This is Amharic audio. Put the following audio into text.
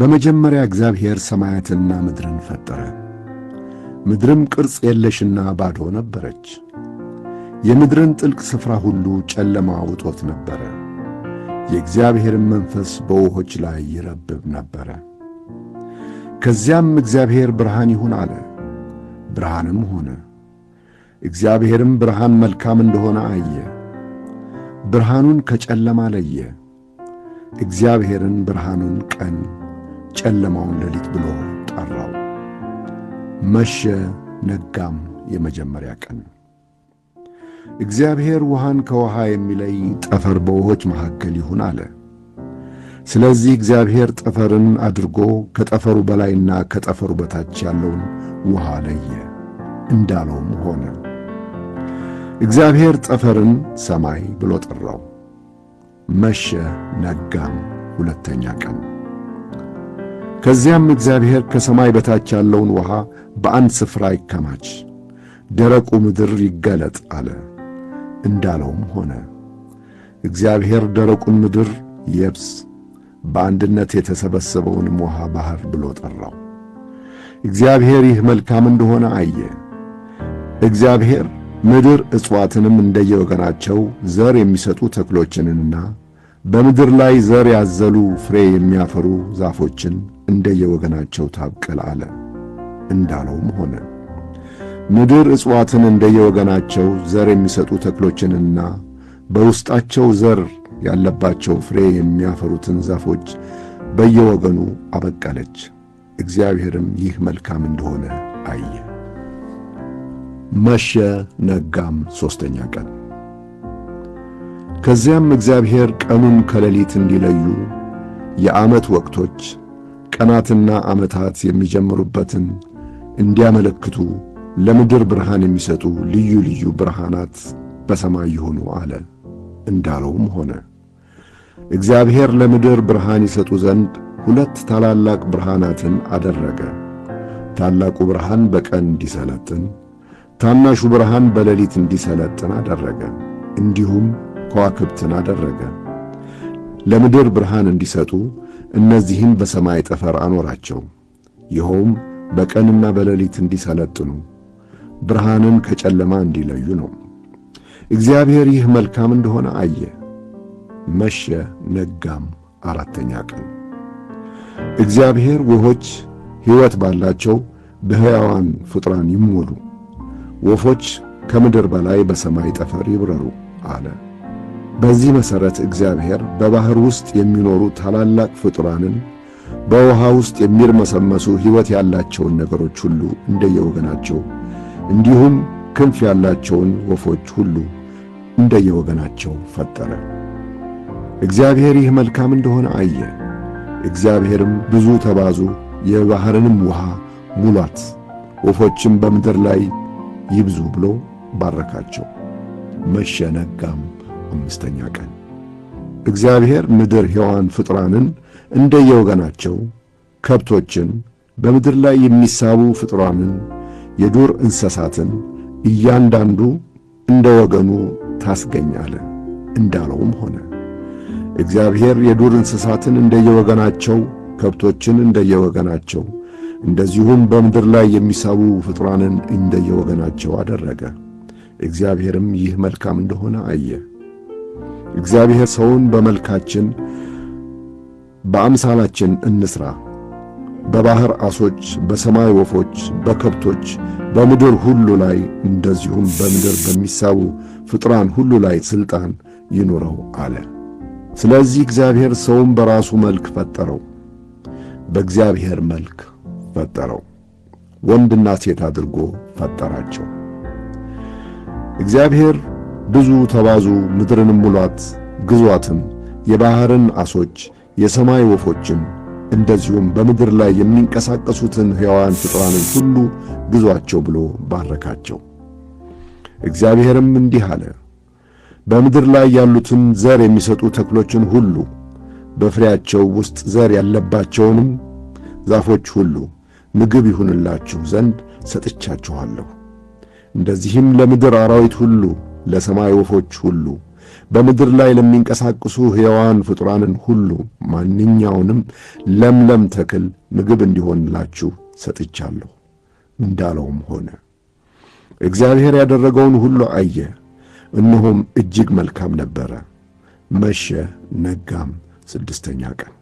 በመጀመሪያ እግዚአብሔር ሰማያትና ምድርን ፈጠረ። ምድርም ቅርጽ የለሽና ባዶ ነበረች። የምድርን ጥልቅ ስፍራ ሁሉ ጨለማ ውጦት ነበረ። የእግዚአብሔርን መንፈስ በውሆች ላይ ይረብብ ነበረ። ከዚያም እግዚአብሔር ብርሃን ይሁን አለ፣ ብርሃንም ሆነ። እግዚአብሔርም ብርሃን መልካም እንደሆነ አየ፣ ብርሃኑን ከጨለማ ለየ። እግዚአብሔርን ብርሃኑን ቀን ጨለማውን ሌሊት ብሎ ጠራው። መሸ ነጋም፣ የመጀመሪያ ቀን። እግዚአብሔር ውሃን ከውሃ የሚለይ ጠፈር በውሆች መካከል ይሁን አለ። ስለዚህ እግዚአብሔር ጠፈርን አድርጎ ከጠፈሩ በላይና ከጠፈሩ በታች ያለውን ውሃ ለየ፣ እንዳለውም ሆነ። እግዚአብሔር ጠፈርን ሰማይ ብሎ ጠራው። መሸ ነጋም፣ ሁለተኛ ቀን። ከዚያም እግዚአብሔር ከሰማይ በታች ያለውን ውሃ በአንድ ስፍራ ይከማች፣ ደረቁ ምድር ይገለጥ አለ። እንዳለውም ሆነ። እግዚአብሔር ደረቁን ምድር የብስ፣ በአንድነት የተሰበሰበውንም ውሃ ባሕር ብሎ ጠራው። እግዚአብሔር ይህ መልካም እንደሆነ አየ። እግዚአብሔር ምድር እጽዋትንም እንደየወገናቸው ዘር የሚሰጡ ተክሎችንና በምድር ላይ ዘር ያዘሉ ፍሬ የሚያፈሩ ዛፎችን እንደየወገናቸው ታብቀል አለ። እንዳለውም ሆነ። ምድር እጽዋትን እንደየወገናቸው ዘር የሚሰጡ ተክሎችንና በውስጣቸው ዘር ያለባቸው ፍሬ የሚያፈሩትን ዛፎች በየወገኑ አበቀለች። እግዚአብሔርም ይህ መልካም እንደሆነ አየ። መሸ፣ ነጋም ሦስተኛ ቀን ከዚያም እግዚአብሔር ቀኑን ከሌሊት እንዲለዩ የዓመት ወቅቶች ቀናትና ዓመታት የሚጀምሩበትን እንዲያመለክቱ ለምድር ብርሃን የሚሰጡ ልዩ ልዩ ብርሃናት በሰማይ ይሁኑ አለ። እንዳለውም ሆነ። እግዚአብሔር ለምድር ብርሃን ይሰጡ ዘንድ ሁለት ታላላቅ ብርሃናትን አደረገ። ታላቁ ብርሃን በቀን እንዲሰለጥን፣ ታናሹ ብርሃን በሌሊት እንዲሰለጥን አደረገ። እንዲሁም ከዋክብትን አደረገ። ለምድር ብርሃን እንዲሰጡ እነዚህን በሰማይ ጠፈር አኖራቸው። ይኸውም በቀንና በሌሊት እንዲሰለጥኑ ብርሃንን ከጨለማ እንዲለዩ ነው። እግዚአብሔር ይህ መልካም እንደሆነ አየ። መሸ፣ ነጋም አራተኛ ቀን። እግዚአብሔር ውሆች ሕይወት ባላቸው በሕያዋን ፍጥራን ይሞሉ፣ ወፎች ከምድር በላይ በሰማይ ጠፈር ይብረሩ አለ። በዚህ መሠረት እግዚአብሔር በባሕር ውስጥ የሚኖሩ ታላላቅ ፍጡራንን በውሃ ውስጥ የሚርመሰመሱ ሕይወት ያላቸውን ነገሮች ሁሉ እንደየወገናቸው እንዲሁም ክንፍ ያላቸውን ወፎች ሁሉ እንደየወገናቸው ፈጠረ። እግዚአብሔር ይህ መልካም እንደሆነ አየ። እግዚአብሔርም ብዙ ተባዙ፣ የባሕርንም ውሃ ሙሏት፣ ወፎችም በምድር ላይ ይብዙ ብሎ ባረካቸው። መሸነጋም አምስተኛ ቀን እግዚአብሔር ምድር ሕያዋን ፍጡራንን እንደየወገናቸው ከብቶችን፣ በምድር ላይ የሚሳቡ ፍጡራንን፣ የዱር እንስሳትን እያንዳንዱ እንደ ወገኑ ታስገኛለ እንዳለውም ሆነ። እግዚአብሔር የዱር እንስሳትን እንደየወገናቸው፣ ከብቶችን እንደየወገናቸው፣ እንደዚሁም በምድር ላይ የሚሳቡ ፍጡራንን እንደየወገናቸው አደረገ። እግዚአብሔርም ይህ መልካም እንደሆነ አየ። እግዚአብሔር ሰውን በመልካችን በአምሳላችን እንስራ። በባህር አሶች፣ በሰማይ ወፎች፣ በከብቶች፣ በምድር ሁሉ ላይ እንደዚሁም በምድር በሚሳቡ ፍጥራን ሁሉ ላይ ሥልጣን ይኑረው አለ። ስለዚህ እግዚአብሔር ሰውን በራሱ መልክ ፈጠረው፣ በእግዚአብሔር መልክ ፈጠረው፣ ወንድና ሴት አድርጎ ፈጠራቸው። እግዚአብሔር ብዙ ተባዙ፣ ምድርንም ሙሏት፣ ግዟትም የባሕርን ዓሦች የሰማይ ወፎችን እንደዚሁም በምድር ላይ የሚንቀሳቀሱትን ሕያዋን ፍጥራንን ሁሉ ግዟቸው ብሎ ባረካቸው። እግዚአብሔርም እንዲህ አለ፣ በምድር ላይ ያሉትን ዘር የሚሰጡ ተክሎችን ሁሉ፣ በፍሬያቸው ውስጥ ዘር ያለባቸውንም ዛፎች ሁሉ ምግብ ይሁንላችሁ ዘንድ ሰጥቻችኋለሁ። እንደዚህም ለምድር አራዊት ሁሉ ለሰማይ ወፎች ሁሉ በምድር ላይ ለሚንቀሳቀሱ ሕያዋን ፍጡራንን ሁሉ ማንኛውንም ለምለም ተክል ምግብ እንዲሆንላችሁ ሰጥቻለሁ እንዳለውም ሆነ። እግዚአብሔር ያደረገውን ሁሉ አየ፣ እነሆም እጅግ መልካም ነበረ። መሸ፣ ነጋም፣ ስድስተኛ ቀን